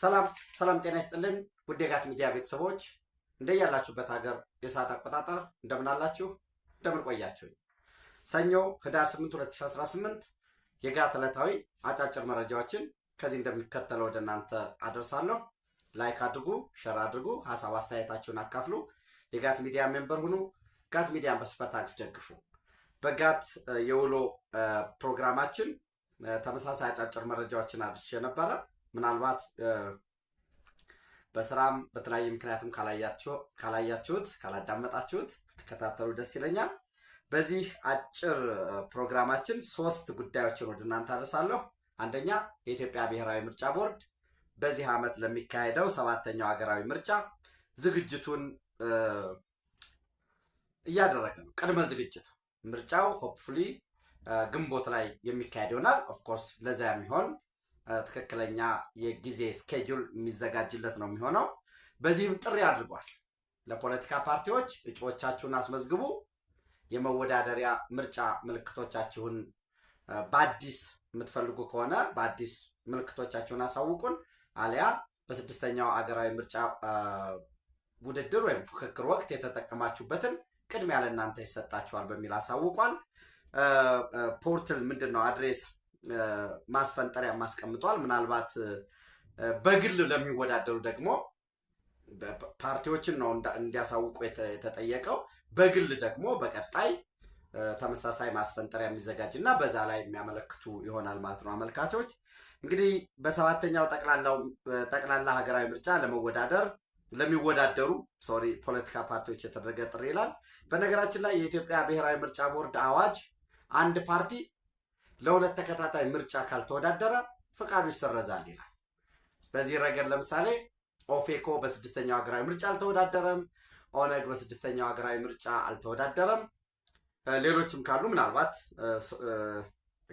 ሰላም ሰላም፣ ጤና ይስጥልን ውድ የጋት ሚዲያ ቤተሰቦች እንደያላችሁበት ሀገር የሰዓት አቆጣጠር እንደምናላችሁ እንደምንቆያችሁ። ሰኞ ህዳር 8 2018 የጋት ዕለታዊ አጫጭር መረጃዎችን ከዚህ እንደሚከተለው ወደ እናንተ አደርሳለሁ። ላይክ አድርጉ፣ ሸር አድርጉ፣ ሀሳብ አስተያየታችሁን አካፍሉ፣ የጋት ሚዲያ ሜምበር ሁኑ፣ ጋት ሚዲያን በሱፐር ታክስ ደግፉ። በጋት የውሎ ፕሮግራማችን ተመሳሳይ አጫጭር መረጃዎችን አድርሼ ነበረ። ምናልባት በስራም በተለያየ ምክንያትም ካላያችሁት ካላዳመጣችሁት ብትከታተሉ ደስ ይለኛል። በዚህ አጭር ፕሮግራማችን ሶስት ጉዳዮችን ወደ እናንተ አደርሳለሁ። አንደኛ የኢትዮጵያ ብሔራዊ ምርጫ ቦርድ በዚህ ዓመት ለሚካሄደው ሰባተኛው ሀገራዊ ምርጫ ዝግጅቱን እያደረገ ነው። ቅድመ ዝግጅቱ ምርጫው ሆፕፉሊ ግንቦት ላይ የሚካሄድ ይሆናል። ኦፍኮርስ ለዚያ የሚሆን ትክክለኛ የጊዜ ስኬጁል የሚዘጋጅለት ነው የሚሆነው። በዚህም ጥሪ አድርጓል ለፖለቲካ ፓርቲዎች እጩዎቻችሁን አስመዝግቡ፣ የመወዳደሪያ ምርጫ ምልክቶቻችሁን በአዲስ የምትፈልጉ ከሆነ በአዲስ ምልክቶቻችሁን አሳውቁን፣ አሊያ በስድስተኛው አገራዊ ምርጫ ውድድር ወይም ፉክክር ወቅት የተጠቀማችሁበትን ቅድሚያ ለእናንተ ይሰጣችኋል በሚል አሳውቋል። ፖርትል ምንድን ነው አድሬስ ማስፈንጠሪያ ማስቀምጧል። ምናልባት በግል ለሚወዳደሩ ደግሞ ፓርቲዎችን ነው እንዲያሳውቁ የተጠየቀው። በግል ደግሞ በቀጣይ ተመሳሳይ ማስፈንጠሪያ የሚዘጋጅ እና በዛ ላይ የሚያመለክቱ ይሆናል ማለት ነው። አመልካቾች እንግዲህ በሰባተኛው ጠቅላላ ሀገራዊ ምርጫ ለመወዳደር ለሚወዳደሩ ሶሪ ፖለቲካ ፓርቲዎች የተደረገ ጥሪ ይላል። በነገራችን ላይ የኢትዮጵያ ብሔራዊ ምርጫ ቦርድ አዋጅ አንድ ፓርቲ ለሁለት ተከታታይ ምርጫ ካልተወዳደረ ፈቃዱ ይሰረዛል ይላል። በዚህ ረገድ ለምሳሌ ኦፌኮ በስድስተኛው ሀገራዊ ምርጫ አልተወዳደረም። ኦነግ በስድስተኛው ሀገራዊ ምርጫ አልተወዳደረም። ሌሎችም ካሉ ምናልባት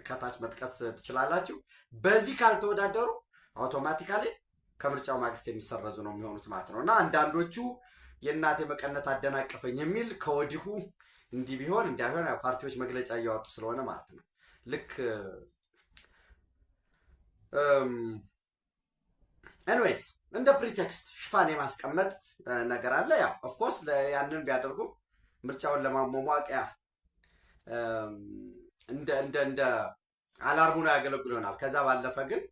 ከታች መጥቀስ ትችላላችሁ። በዚህ ካልተወዳደሩ አውቶማቲካሊ ከምርጫው ማግስት የሚሰረዙ ነው የሚሆኑት ማለት ነው እና አንዳንዶቹ የእናቴ መቀነት አደናቀፈኝ የሚል ከወዲሁ እንዲህ ቢሆን እንዲያ ቢሆን ፓርቲዎች መግለጫ እያወጡ ስለሆነ ማለት ነው። ልክ ኤንዌይስ እንደ ፕሪቴክስት ሽፋን የማስቀመጥ ነገር አለ። ያው ኦፍኮርስ ያንን ቢያደርጉም ምርጫውን ለማሟሟቂያ እንደ እንደ እንደ አላርሙን ያገለግል ይሆናል። ከዛ ባለፈ ግን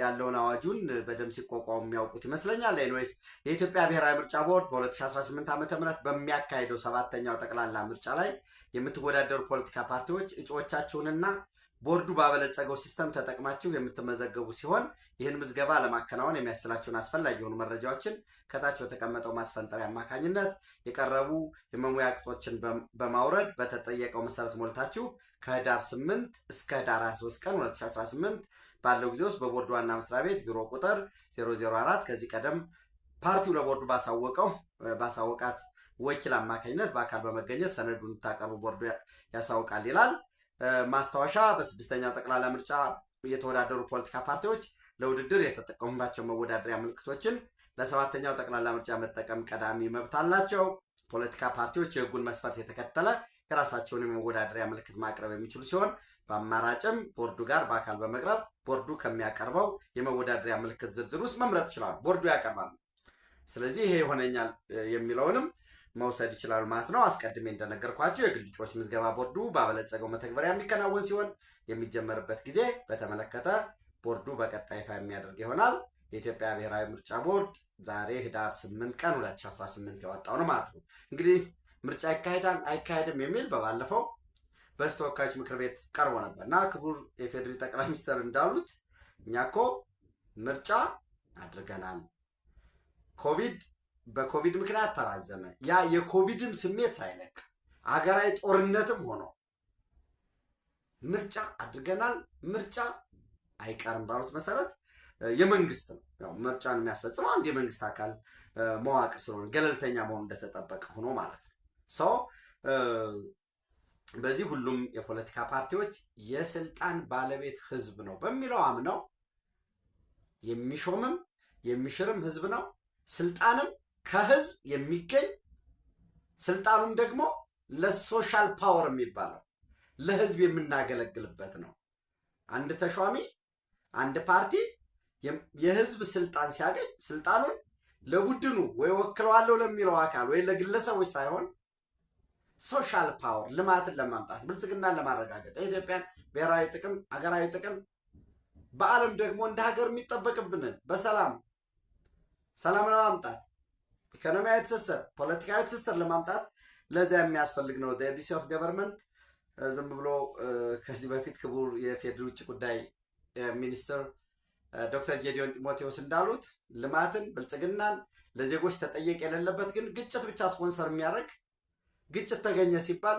ያለውን አዋጁን በደምብ ሲቋቋሙ የሚያውቁት ይመስለኛል። ኤንዌይስ የኢትዮጵያ ብሔራዊ ምርጫ ቦርድ በ2018 ዓ ም በሚያካሄደው ሰባተኛው ጠቅላላ ምርጫ ላይ የምትወዳደሩ ፖለቲካ ፓርቲዎች እጩዎቻችሁንና ቦርዱ ባበለጸገው ሲስተም ተጠቅማችሁ የምትመዘገቡ ሲሆን ይህን ምዝገባ ለማከናወን የሚያስችላችሁን አስፈላጊ የሆኑ መረጃዎችን ከታች በተቀመጠው ማስፈንጠሪያ አማካኝነት የቀረቡ የመሙያ ቅጾችን በማውረድ በተጠየቀው መሰረት ሞልታችሁ ከህዳር 8 እስከ ህዳር 23 ቀን 2018 ባለው ጊዜ ውስጥ በቦርድ ዋና መስሪያ ቤት ቢሮ ቁጥር 004 ከዚህ ቀደም ፓርቲው ለቦርዱ ባሳወቀው ባሳወቃት ወኪል አማካኝነት በአካል በመገኘት ሰነዱን እንድታቀርቡ ቦርዱ ያሳውቃል ይላል። ማስታወሻ በስድስተኛው ጠቅላላ ምርጫ የተወዳደሩ ፖለቲካ ፓርቲዎች ለውድድር የተጠቀሙባቸው መወዳደሪያ ምልክቶችን ለሰባተኛው ጠቅላላ ምርጫ መጠቀም ቀዳሚ መብት አላቸው። ፖለቲካ ፓርቲዎች የሕጉን መስፈርት የተከተለ የራሳቸውን የመወዳደሪያ ምልክት ማቅረብ የሚችሉ ሲሆን በአማራጭም ቦርዱ ጋር በአካል በመቅረብ ቦርዱ ከሚያቀርበው የመወዳደሪያ ምልክት ዝርዝር ውስጥ መምረጥ ይችላሉ። ቦርዱ ያቀርባል። ስለዚህ ይሄ ይሆነኛል የሚለውንም መውሰድ ይችላሉ ማለት ነው። አስቀድሜ እንደነገርኳቸው የግል እጩዎች ምዝገባ ቦርዱ ባበለጸገው መተግበሪያ የሚከናወን ሲሆን የሚጀመርበት ጊዜ በተመለከተ ቦርዱ በቀጣይ ይፋ የሚያደርግ ይሆናል። የኢትዮጵያ ብሔራዊ ምርጫ ቦርድ ዛሬ ህዳር 8 ቀን 2018 ያወጣው ነው ማለት ነው እንግዲህ ምርጫ ይካሄዳል አይካሄድም የሚል በባለፈው በሕዝብ ተወካዮች ምክር ቤት ቀርቦ ነበር እና ክቡር የፌዴሪ ጠቅላይ ሚኒስትር እንዳሉት እኛ እኮ ምርጫ አድርገናል። ኮቪድ በኮቪድ ምክንያት ተራዘመ። ያ የኮቪድም ስሜት ሳይለቅ አገራዊ ጦርነትም ሆኖ ምርጫ አድርገናል። ምርጫ አይቀርም ባሉት መሰረት የመንግስት ነው ያው ምርጫን የሚያስፈጽመው አንድ የመንግስት አካል መዋቅር ስለሆነ ገለልተኛ መሆን እንደተጠበቀ ሆኖ ማለት ነው። ሰው በዚህ ሁሉም የፖለቲካ ፓርቲዎች የስልጣን ባለቤት ህዝብ ነው በሚለው አምነው የሚሾምም የሚሽርም ህዝብ ነው። ስልጣንም ከህዝብ የሚገኝ ስልጣኑም ደግሞ ለሶሻል ፓወር የሚባለው ለህዝብ የምናገለግልበት ነው። አንድ ተሿሚ አንድ ፓርቲ የህዝብ ስልጣን ሲያገኝ ስልጣኑን ለቡድኑ ወይ ወክለዋለሁ ለሚለው አካል ወይ ለግለሰቦች ሳይሆን ሶሻል ፓወር ልማትን ለማምጣት ብልጽግናን ለማረጋገጥ የኢትዮጵያን ብሔራዊ ጥቅም አገራዊ ጥቅም በዓለም ደግሞ እንደ ሀገር የሚጠበቅብንን በሰላም ሰላም ለማምጣት ኢኮኖሚያዊ ትስስር፣ ፖለቲካዊ ትስስር ለማምጣት ለዚያ የሚያስፈልግ ነው። ቢሲ ኦፍ ገቨርንመንት ዝም ብሎ ከዚህ በፊት ክቡር የፌዴራል ውጭ ጉዳይ ሚኒስትር ዶክተር ጌዲዮን ጢሞቴዎስ እንዳሉት ልማትን፣ ብልጽግናን ለዜጎች ተጠየቅ የሌለበት ግን ግጭት ብቻ ስፖንሰር የሚያደርግ ግጭት ተገኘ ሲባል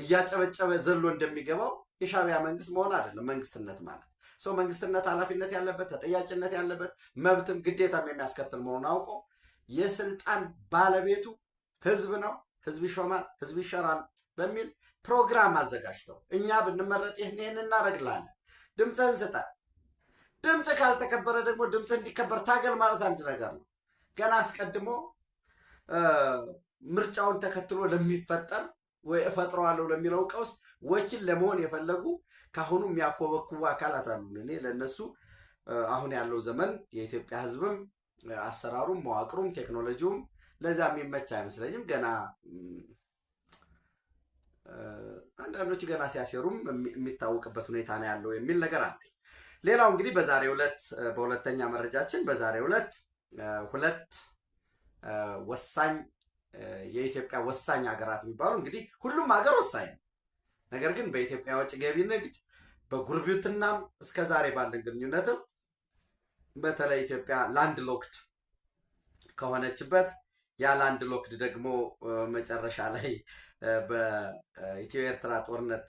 እያጨበጨበ ዘሎ እንደሚገባው የሻቢያ መንግስት መሆን አይደለም መንግስትነት ማለት ሰው መንግስትነት ኃላፊነት ያለበት ተጠያቂነት ያለበት መብትም ግዴታም የሚያስከትል መሆኑን አውቆ የስልጣን ባለቤቱ ህዝብ ነው፣ ህዝብ ይሾማል፣ ህዝብ ይሸራል በሚል ፕሮግራም አዘጋጅተው እኛ ብንመረጥ ይህን ይህን እናደርግልሃለን፣ ድምፅህን ስጠን። ድምፅ ካልተከበረ ደግሞ ድምፅ እንዲከበር ታገል ማለት አንድ ነገር ነው። ገና አስቀድሞ ምርጫውን ተከትሎ ለሚፈጠር ወይ እፈጥረዋለሁ ለሚለው ቀውስ ወኪል ለመሆን የፈለጉ ከአሁኑ የሚያኮበኩቡ አካላት አሉ። እኔ ለእነሱ አሁን ያለው ዘመን የኢትዮጵያ ሕዝብም አሰራሩም መዋቅሩም ቴክኖሎጂውም ለዛ የሚመች አይመስለኝም። ገና አንዳንዶች ገና ሲያሴሩም የሚታወቅበት ሁኔታ ነው ያለው የሚል ነገር አለ። ሌላው እንግዲህ በዛሬ ሁለት በሁለተኛ መረጃችን በዛሬ ሁለት ሁለት ወሳኝ የኢትዮጵያ ወሳኝ ሀገራት የሚባሉ እንግዲህ ሁሉም ሀገር ወሳኝ ነው። ነገር ግን በኢትዮጵያ ወጪ ገቢ ንግድ በጉርቢትናም እስከ ዛሬ ባለን ግንኙነትም በተለይ ኢትዮጵያ ላንድ ሎክድ ከሆነችበት ያ ላንድ ሎክድ ደግሞ መጨረሻ ላይ በኢትዮ ኤርትራ ጦርነት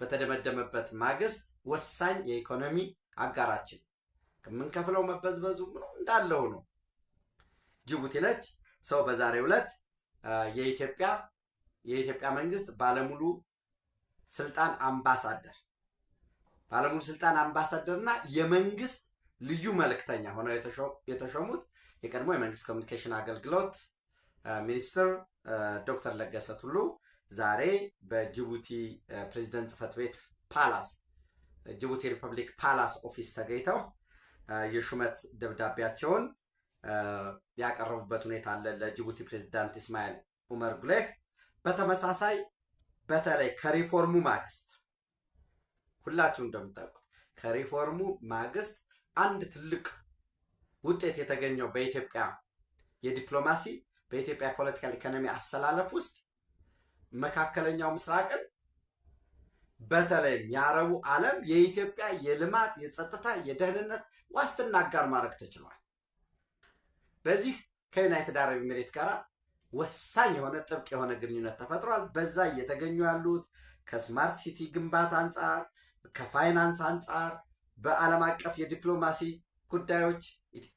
በተደመደመበት ማግስት ወሳኝ የኢኮኖሚ አጋራችን ከምንከፍለው መበዝበዙ እንዳለው ነው። ጅቡቲ ነች። ሰው በዛሬው ዕለት የኢትዮጵያ የኢትዮጵያ መንግስት ባለሙሉ ስልጣን አምባሳደር ባለሙሉ ስልጣን አምባሳደር እና የመንግስት ልዩ መልእክተኛ ሆነው የተሾሙት የቀድሞ የመንግስት ኮሚኒኬሽን አገልግሎት ሚኒስትር ዶክተር ለገሰ ቱሉ ዛሬ በጅቡቲ ፕሬዚደንት ጽህፈት ቤት ፓላስ ጅቡቲ ሪፐብሊክ ፓላስ ኦፊስ ተገኝተው የሹመት ደብዳቤያቸውን ያቀረቡበት ሁኔታ አለ ለጅቡቲ ፕሬዚዳንት ኢስማኤል ኡመር ጉሌህ። በተመሳሳይ በተለይ ከሪፎርሙ ማግስት ሁላችሁ እንደምታውቁት ከሪፎርሙ ማግስት አንድ ትልቅ ውጤት የተገኘው በኢትዮጵያ የዲፕሎማሲ በኢትዮጵያ ፖለቲካል ኢኮኖሚ አሰላለፍ ውስጥ መካከለኛው ምስራቅን በተለይም የአረቡ ዓለም የኢትዮጵያ የልማት የጸጥታ የደህንነት ዋስትና አጋር ማድረግ ተችሏል። በዚህ ከዩናይትድ አረብ ኤሚሬት ጋር ወሳኝ የሆነ ጥብቅ የሆነ ግንኙነት ተፈጥሯል። በዛ እየተገኙ ያሉት ከስማርት ሲቲ ግንባታ አንጻር፣ ከፋይናንስ አንጻር፣ በዓለም አቀፍ የዲፕሎማሲ ጉዳዮች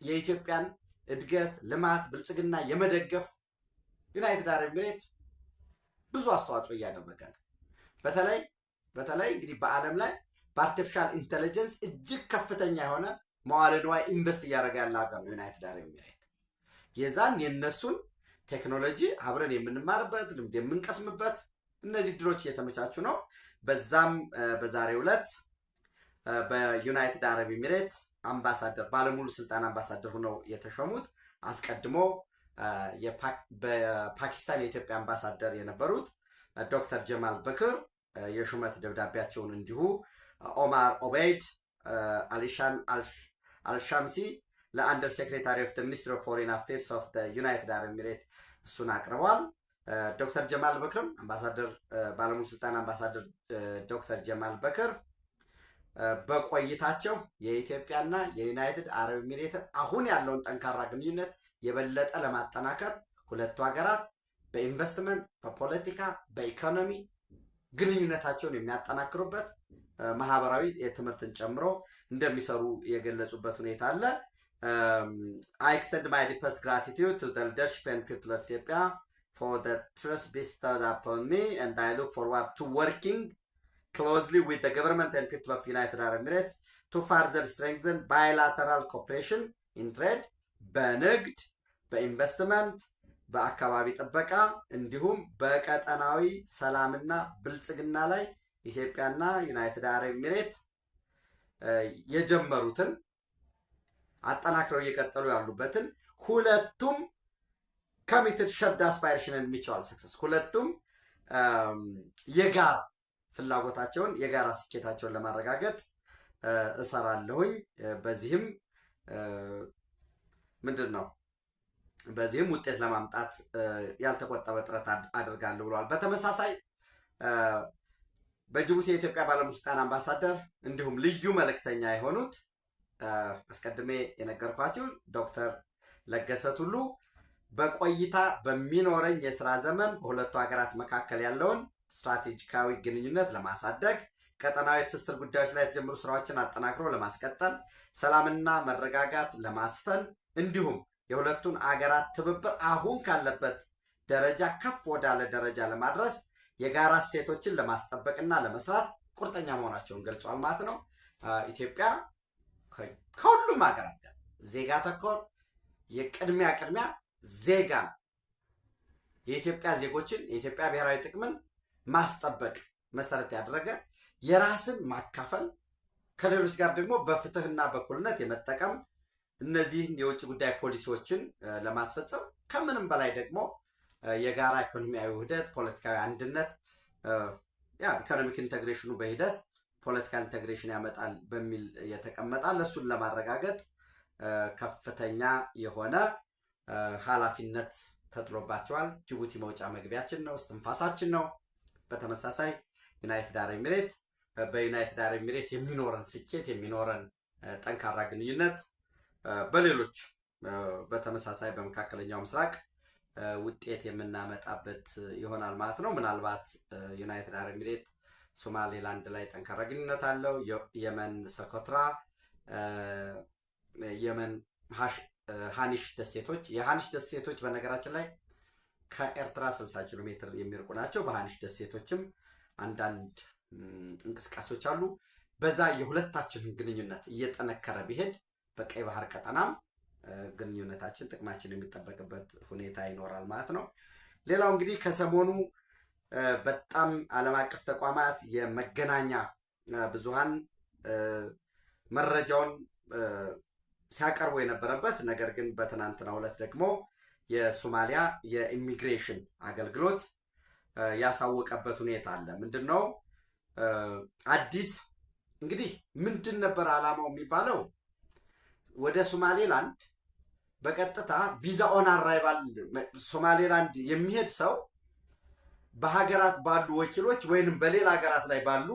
የኢትዮጵያን እድገት፣ ልማት፣ ብልጽግና የመደገፍ ዩናይትድ አረብ ኤሚሬት ብዙ አስተዋጽኦ እያደረገ ነው። በተለይ በተለይ እንግዲህ በዓለም ላይ በአርቲፊሻል ኢንቴሊጀንስ እጅግ ከፍተኛ የሆነ መዋለ ንዋይ ኢንቨስት እያደረገ ያለ ሀገር ነው ዩናይትድ አረብ ኤሚሬት። የዛን የነሱን ቴክኖሎጂ አብረን የምንማርበት ልምድ የምንቀስምበት እነዚህ ድሮች እየተመቻቹ ነው። በዛም በዛሬው ዕለት በዩናይትድ አረብ ኤሚሬት አምባሳደር ባለሙሉ ስልጣን አምባሳደር ሆነው የተሾሙት አስቀድሞ በፓኪስታን የኢትዮጵያ አምባሳደር የነበሩት ዶክተር ጀማል በክር የሹመት ደብዳቤያቸውን እንዲሁ ኦማር ኦበይድ አሊሻን አልሻምሲ ለአንደር ሴክሬታሪ ኦፍ ሚኒስትሪ ኦፍ ፎሬን አፌርስ ኦፍ ዩናይትድ አረብ ኤሚሬት እሱን አቅርበዋል። ዶክተር ጀማል በክርም አምባሳደር ባለሙሉ ስልጣን አምባሳደር ዶክተር ጀማል በክር በቆይታቸው የኢትዮጵያና የዩናይትድ አረብ ኤሚሬት አሁን ያለውን ጠንካራ ግንኙነት የበለጠ ለማጠናከር ሁለቱ ሀገራት በኢንቨስትመንት፣ በፖለቲካ፣ በኢኮኖሚ ግንኙነታቸውን የሚያጠናክሩበት ማህበራዊ የትምህርትን ጨምሮ እንደሚሰሩ የገለጹበት ሁኔታ አለ። Um, I extend my deepest gratitude to the leadership and people of Ethiopia for the trust bestowed upon me, and I look forward to working closely with the government and people of United Arab Emirates to further strengthen bilateral cooperation in trade, በንግድ፣ በኢንቨስትመንት፣ በአካባቢ ጥበቃ እንዲሁም በቀጠናዊ ሰላምና ብልጽግና ላይ ኢትዮጵያና ዩናይትድ አረብ ኤሚሬት የጀመሩትን አጠናክረው እየቀጠሉ ያሉበትን ሁለቱም ከሚትድ ሸርድ አስፓይሬሽን የሚችዋል ስክሰስ ሁለቱም um, የጋራ ፍላጎታቸውን የጋራ ስኬታቸውን ለማረጋገጥ uh, እሰራለሁኝ። uh, በዚህም uh, ምንድን ነው በዚህም ውጤት ለማምጣት ያልተቆጠበ ጥረት አድርጋለሁ ብለዋል። በተመሳሳይ በጅቡቲ የኢትዮጵያ ባለሙስልጣን አምባሳደር እንዲሁም ልዩ መልእክተኛ የሆኑት አስቀድሜ የነገርኳችሁ ዶክተር ለገሰ ቱሉ በቆይታ በሚኖረኝ የስራ ዘመን በሁለቱ ሀገራት መካከል ያለውን ስትራቴጂካዊ ግንኙነት ለማሳደግ ቀጠናዊ ትስስር ጉዳዮች ላይ የተጀመሩ ስራዎችን አጠናክሮ ለማስቀጠል፣ ሰላምና መረጋጋት ለማስፈን እንዲሁም የሁለቱን አገራት ትብብር አሁን ካለበት ደረጃ ከፍ ወዳለ ደረጃ ለማድረስ የጋራ እሴቶችን ለማስጠበቅና ለመስራት ቁርጠኛ መሆናቸውን ገልጿል ማለት ነው። ኢትዮጵያ ከሁሉም ሀገራት ጋር ዜጋ ተኮር የቅድሚያ ቅድሚያ ዜጋ የኢትዮጵያ ዜጎችን የኢትዮጵያ ብሔራዊ ጥቅምን ማስጠበቅ መሰረት ያደረገ የራስን ማካፈል ከሌሎች ጋር ደግሞ በፍትህና በኩልነት የመጠቀም እነዚህን የውጭ ጉዳይ ፖሊሲዎችን ለማስፈጸም ከምንም በላይ ደግሞ የጋራ ኢኮኖሚያዊ ውህደት፣ ፖለቲካዊ አንድነት፣ ኢኮኖሚክ ኢንቴግሬሽኑ በሂደት ፖለቲካል ኢንቴግሬሽን ያመጣል በሚል የተቀመጣል። እሱን ለማረጋገጥ ከፍተኛ የሆነ ኃላፊነት ተጥሎባቸዋል። ጅቡቲ መውጫ መግቢያችን ነው፣ እስትንፋሳችን ነው። በተመሳሳይ ዩናይትድ አረብ ኤሚሬት በዩናይትድ አረብ ኤሚሬት የሚኖረን ስኬት የሚኖረን ጠንካራ ግንኙነት በሌሎች በተመሳሳይ በመካከለኛው ምስራቅ ውጤት የምናመጣበት ይሆናል ማለት ነው። ምናልባት ዩናይትድ አረብ ኤሚሬት ሶማሌላንድ ላይ ጠንካራ ግንኙነት አለው። የመን ሰኮትራ፣ የመን ሀኒሽ ደሴቶች የሀኒሽ ደሴቶች በነገራችን ላይ ከኤርትራ 60 ኪሎ ሜትር የሚርቁ ናቸው። በሀኒሽ ደሴቶችም አንዳንድ እንቅስቃሴዎች አሉ። በዛ የሁለታችንን ግንኙነት እየጠነከረ ቢሄድ በቀይ ባህር ቀጠናም ግንኙነታችን ጥቅማችን የሚጠበቅበት ሁኔታ ይኖራል ማለት ነው። ሌላው እንግዲህ ከሰሞኑ በጣም ዓለም አቀፍ ተቋማት የመገናኛ ብዙሃን መረጃውን ሲያቀርቡ የነበረበት ነገር ግን በትናንትናው ዕለት ደግሞ የሶማሊያ የኢሚግሬሽን አገልግሎት ያሳወቀበት ሁኔታ አለ። ምንድን ነው አዲስ እንግዲህ ምንድን ነበር ዓላማው የሚባለው ወደ ሶማሌላንድ በቀጥታ ቪዛ ኦን አራይቫል ሶማሌላንድ የሚሄድ ሰው በሀገራት ባሉ ወኪሎች ወይንም በሌላ ሀገራት ላይ ባሉ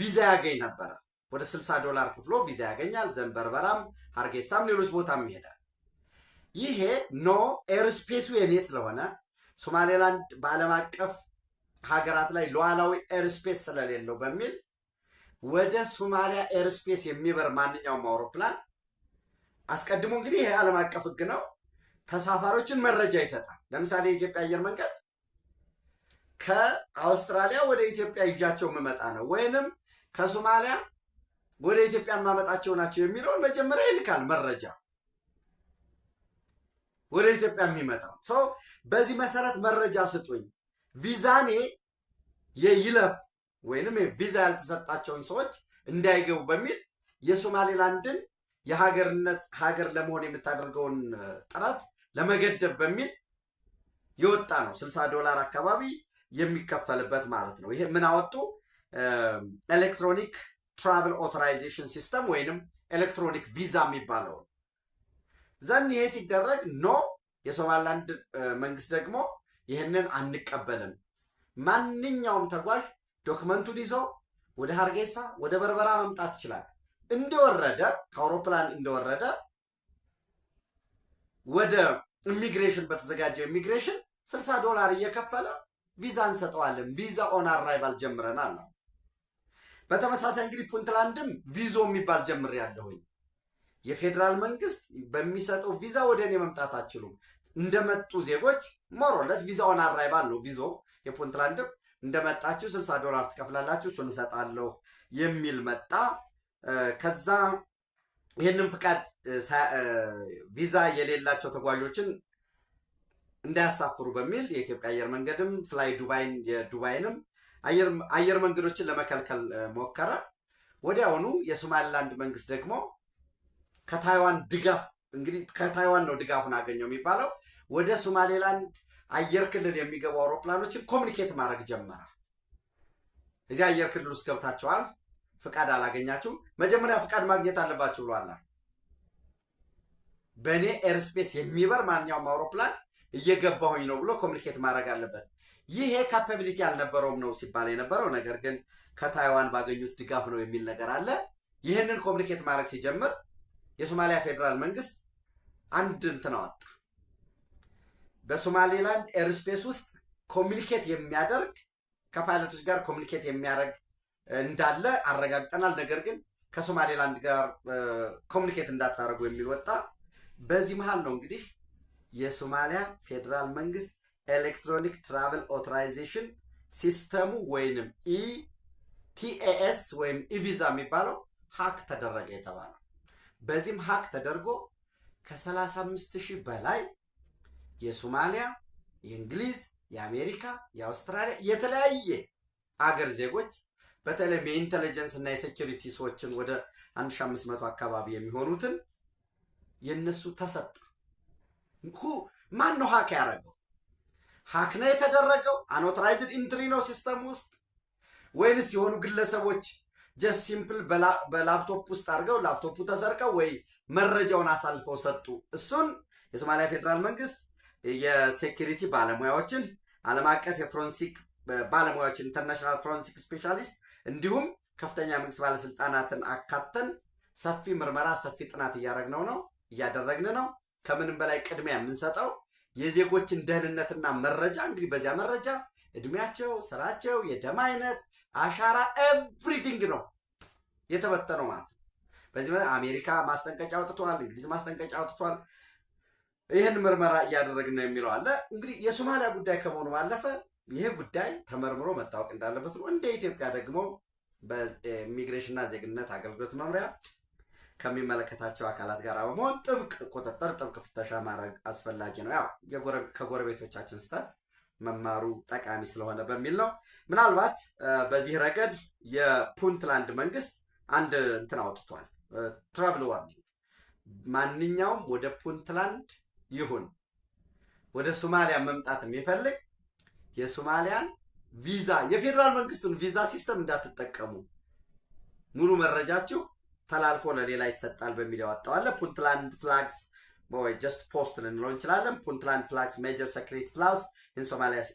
ቪዛ ያገኝ ነበረ። ወደ 60 ዶላር ክፍሎ ቪዛ ያገኛል። ዘንበርበራም፣ ሀርጌሳም ሌሎች ቦታም ይሄዳል። ይሄ ኖ ኤርስፔሱ የኔ ስለሆነ ሶማሌላንድ በዓለም አቀፍ ሀገራት ላይ ሉዓላዊ ኤርስፔስ ስለሌለው በሚል ወደ ሶማሊያ ኤርስፔስ የሚበር ማንኛውም አውሮፕላን አስቀድሞ እንግዲህ ይሄ ዓለም አቀፍ ሕግ ነው ተሳፋሪዎችን መረጃ ይሰጣል። ለምሳሌ የኢትዮጵያ አየር መንገድ ከአውስትራሊያ ወደ ኢትዮጵያ ይዣቸው የምመጣ ነው ወይንም ከሶማሊያ ወደ ኢትዮጵያ የማመጣቸው ናቸው የሚለውን መጀመሪያ ይልካል መረጃ ወደ ኢትዮጵያ የሚመጣው ሰው። በዚህ መሰረት መረጃ ስጡኝ፣ ቪዛኔ የይለፍ ወይንም ቪዛ ያልተሰጣቸውን ሰዎች እንዳይገቡ በሚል የሶማሌላንድን የሀገርነት ሀገር ለመሆን የምታደርገውን ጥረት ለመገደብ በሚል የወጣ ነው። 60 ዶላር አካባቢ የሚከፈልበት ማለት ነው። ይሄ ምን አወጡ? ኤሌክትሮኒክ ትራቨል ኦቶራይዜሽን ሲስተም ወይንም ኤሌክትሮኒክ ቪዛ የሚባለውን ዘን ይሄ ሲደረግ ኖ የሶማሊላንድ መንግስት ደግሞ ይህንን አንቀበልም፣ ማንኛውም ተጓዥ ዶክመንቱን ይዞ ወደ ሀርጌሳ ወደ በርበራ መምጣት ይችላል። እንደወረደ ከአውሮፕላን እንደወረደ ወደ ኢሚግሬሽን በተዘጋጀው ኢሚግሬሽን ስልሳ ዶላር እየከፈለ ቪዛ እንሰጠዋለን። ቪዛ ኦን አራይቫል ጀምረናል ነው። በተመሳሳይ እንግዲህ ፑንትላንድም ቪዞ የሚባል ጀምር ያለሁኝ የፌዴራል መንግስት በሚሰጠው ቪዛ ወደ እኔ መምጣት አችሉም። እንደመጡ ዜጎች ሞሮለት ቪዛ ኦን አራይቫል ነው። ቪዞ የፑንትላንድም እንደመጣችሁ ስልሳ ዶላር ትከፍላላችሁ፣ እሱን እሰጣለሁ የሚል መጣ። ከዛ ይህንን ፍቃድ ቪዛ የሌላቸው ተጓዦችን እንዳያሳፍሩ በሚል የኢትዮጵያ አየር መንገድም ፍላይ ዱባይን የዱባይንም አየር መንገዶችን ለመከልከል ሞከረ። ወዲያውኑ የሶማሊላንድ መንግስት ደግሞ ከታይዋን ድጋፍ እንግዲህ ከታይዋን ነው ድጋፉን አገኘው የሚባለው ወደ ሶማሌላንድ አየር ክልል የሚገቡ አውሮፕላኖችን ኮሚኒኬት ማድረግ ጀመረ። እዚህ አየር ክልል ውስጥ ገብታችኋል፣ ፍቃድ አላገኛችሁም፣ መጀመሪያ ፍቃድ ማግኘት አለባችሁ ብሏላ። በእኔ ኤርስፔስ የሚበር ማንኛውም አውሮፕላን እየገባሁኝ ነው ብሎ ኮሚኒኬት ማድረግ አለበት። ይህ ካፓቢሊቲ አልነበረውም ነው ሲባል የነበረው ነገር ግን ከታይዋን ባገኙት ድጋፍ ነው የሚል ነገር አለ። ይህንን ኮሚኒኬት ማድረግ ሲጀምር የሶማሊያ ፌዴራል መንግስት አንድ እንትን አወጣ። በሶማሌላንድ ኤርስፔስ ውስጥ ኮሚኒኬት የሚያደርግ ከፓይለቶች ጋር ኮሚኒኬት የሚያደርግ እንዳለ አረጋግጠናል፣ ነገር ግን ከሶማሌላንድ ጋር ኮሚኒኬት እንዳታደርጉ የሚል ወጣ። በዚህ መሀል ነው እንግዲህ የሶማሊያ ፌዴራል መንግስት ኤሌክትሮኒክ ትራቨል ኦቶራይዜሽን ሲስተሙ ወይንም ኢቲኤኤስ ወይም ኢቪዛ የሚባለው ሀክ ተደረገ የተባለው። በዚህም ሀክ ተደርጎ ከ35 ሺህ በላይ የሶማሊያ፣ የእንግሊዝ፣ የአሜሪካ፣ የአውስትራሊያ የተለያየ አገር ዜጎች በተለይም የኢንቴሊጀንስ እና የሴኪሪቲ ሰዎችን ወደ 1500 አካባቢ የሚሆኑትን የነሱ ተሰጠ። ማን ነው ሀክ ያደረገው? ሀክ ነው የተደረገው አኖትራይዝድ ኢንትሪ ነው ሲስተም ውስጥ ወይንስ የሆኑ ግለሰቦች ጀስት ሲምፕል በላፕቶፕ ውስጥ አድርገው ላፕቶፑ ተሰርቀው ወይ መረጃውን አሳልፈው ሰጡ? እሱን የሶማሊያ ፌዴራል መንግስት የሴኪሪቲ ባለሙያዎችን ዓለም አቀፍ የፍሮንሲክ ባለሙያዎች ኢንተርናሽናል ፍሮንሲክ ስፔሻሊስት እንዲሁም ከፍተኛ መንግስት ባለስልጣናትን አካተን ሰፊ ምርመራ ሰፊ ጥናት እያደረግነው ነው እያደረግን ነው። ከምንም በላይ ቅድሚያ የምንሰጠው የዜጎችን ደህንነትና መረጃ እንግዲህ በዚያ መረጃ እድሜያቸው፣ ስራቸው፣ የደም አይነት፣ አሻራ ኤቭሪቲንግ ነው የተበተነው ማለት ነው። በዚህ አሜሪካ ማስጠንቀቂያ አውጥተዋል፣ እንግሊዝ ማስጠንቀቂያ አውጥቷል። ይህን ምርመራ እያደረግን ነው የሚለው አለ። እንግዲህ የሶማሊያ ጉዳይ ከመሆኑ ባለፈ ይህ ጉዳይ ተመርምሮ መታወቅ እንዳለበት ነው። እንደ ኢትዮጵያ ደግሞ በኢሚግሬሽንና ዜግነት አገልግሎት መምሪያ ከሚመለከታቸው አካላት ጋር በመሆን ጥብቅ ቁጥጥር፣ ጥብቅ ፍተሻ ማድረግ አስፈላጊ ነው። ያው ከጎረቤቶቻችን ስህተት መማሩ ጠቃሚ ስለሆነ በሚል ነው። ምናልባት በዚህ ረገድ የፑንትላንድ መንግስት አንድ እንትን አውጥቷል፣ ትራቭል ዋርኒንግ። ማንኛውም ወደ ፑንትላንድ ይሁን ወደ ሶማሊያ መምጣት የሚፈልግ የሶማሊያን ቪዛ የፌዴራል መንግስቱን ቪዛ ሲስተም እንዳትጠቀሙ ሙሉ መረጃችሁ ተላልፎ ለሌላ ይሰጣል በሚል ያወጣዋለ ፑንትላንድ ፍላግስ ወይ ጀስት ፖስት ልንለው እንችላለን። ፑንትላንድ ፍላግስ ሜጀር ሰክሬት ፍላውስ ኢን ሶማሊያስ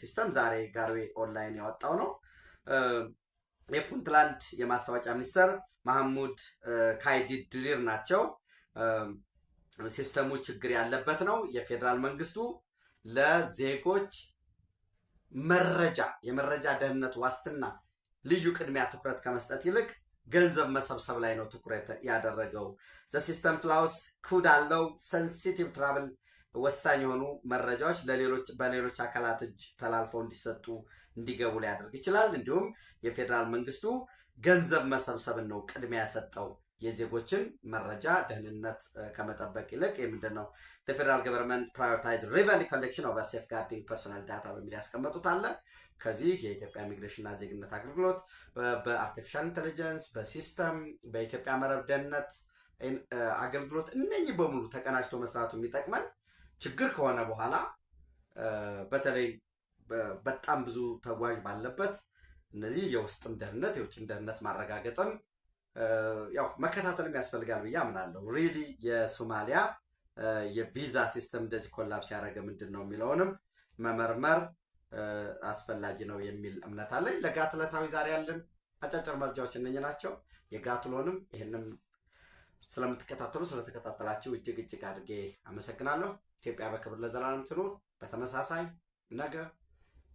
ሲስተም ዛሬ ጋርዌ ኦንላይን ያወጣው ነው። የፑንትላንድ የማስታወቂያ ሚኒስትር ማህሙድ ካይዲድ ድሪር ናቸው። ሲስተሙ ችግር ያለበት ነው። የፌዴራል መንግስቱ ለዜጎች መረጃ የመረጃ ደህንነት ዋስትና ልዩ ቅድሚያ ትኩረት ከመስጠት ይልቅ ገንዘብ መሰብሰብ ላይ ነው ትኩረት ያደረገው። ዘሲስተም ፍላውስ ኩድ አለው። ሰንሲቲቭ ትራቭል ወሳኝ የሆኑ መረጃዎች ለሌሎች በሌሎች አካላት እጅ ተላልፈው እንዲሰጡ እንዲገቡ ሊያደርግ ይችላል። እንዲሁም የፌዴራል መንግስቱ ገንዘብ መሰብሰብን ነው ቅድሚያ ያሰጠው። የዜጎችን መረጃ ደህንነት ከመጠበቅ ይልቅ ምንድን ነው ፌደራል ገቨርንመንት ፕራዮሪታይዝ ሪቨን ኮሌክሽን ኦቨር ጋርዲንግ ፐርሶናል ዳታ በሚል ያስቀመጡት አለ። ከዚህ የኢትዮጵያ ኢሚግሬሽንና ዜግነት አገልግሎት በአርቲፊሻል ኢንቴሊጀንስ፣ በሲስተም፣ በኢትዮጵያ መረብ ደህንነት አገልግሎት እነኚህ በሙሉ ተቀናጅቶ መስራቱ የሚጠቅመን ችግር ከሆነ በኋላ በተለይ በጣም ብዙ ተጓዥ ባለበት እነዚህ የውስጥም ደህንነት የውጭም ደህንነት ማረጋገጥም ያው መከታተል ያስፈልጋል ብዬ አምናለሁ። ሪሊ የሶማሊያ የቪዛ ሲስተም እንደዚህ ኮላፕስ ያደረገ ምንድን ነው የሚለውንም መመርመር አስፈላጊ ነው የሚል እምነት አለኝ። ለጋት ዕለታዊ ዛሬ ያለን አጫጭር መረጃዎች እነኝ ናቸው። የጋትሎንም ይህንም ስለምትከታተሉ ስለተከታተላችሁ እጅግ እጅግ አድርጌ አመሰግናለሁ። ኢትዮጵያ በክብር ለዘላለም ትኑር። በተመሳሳይ ነገ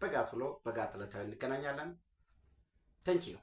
በጋትሎ በጋት ዕለታዊ እንገናኛለን። ተንኪዩ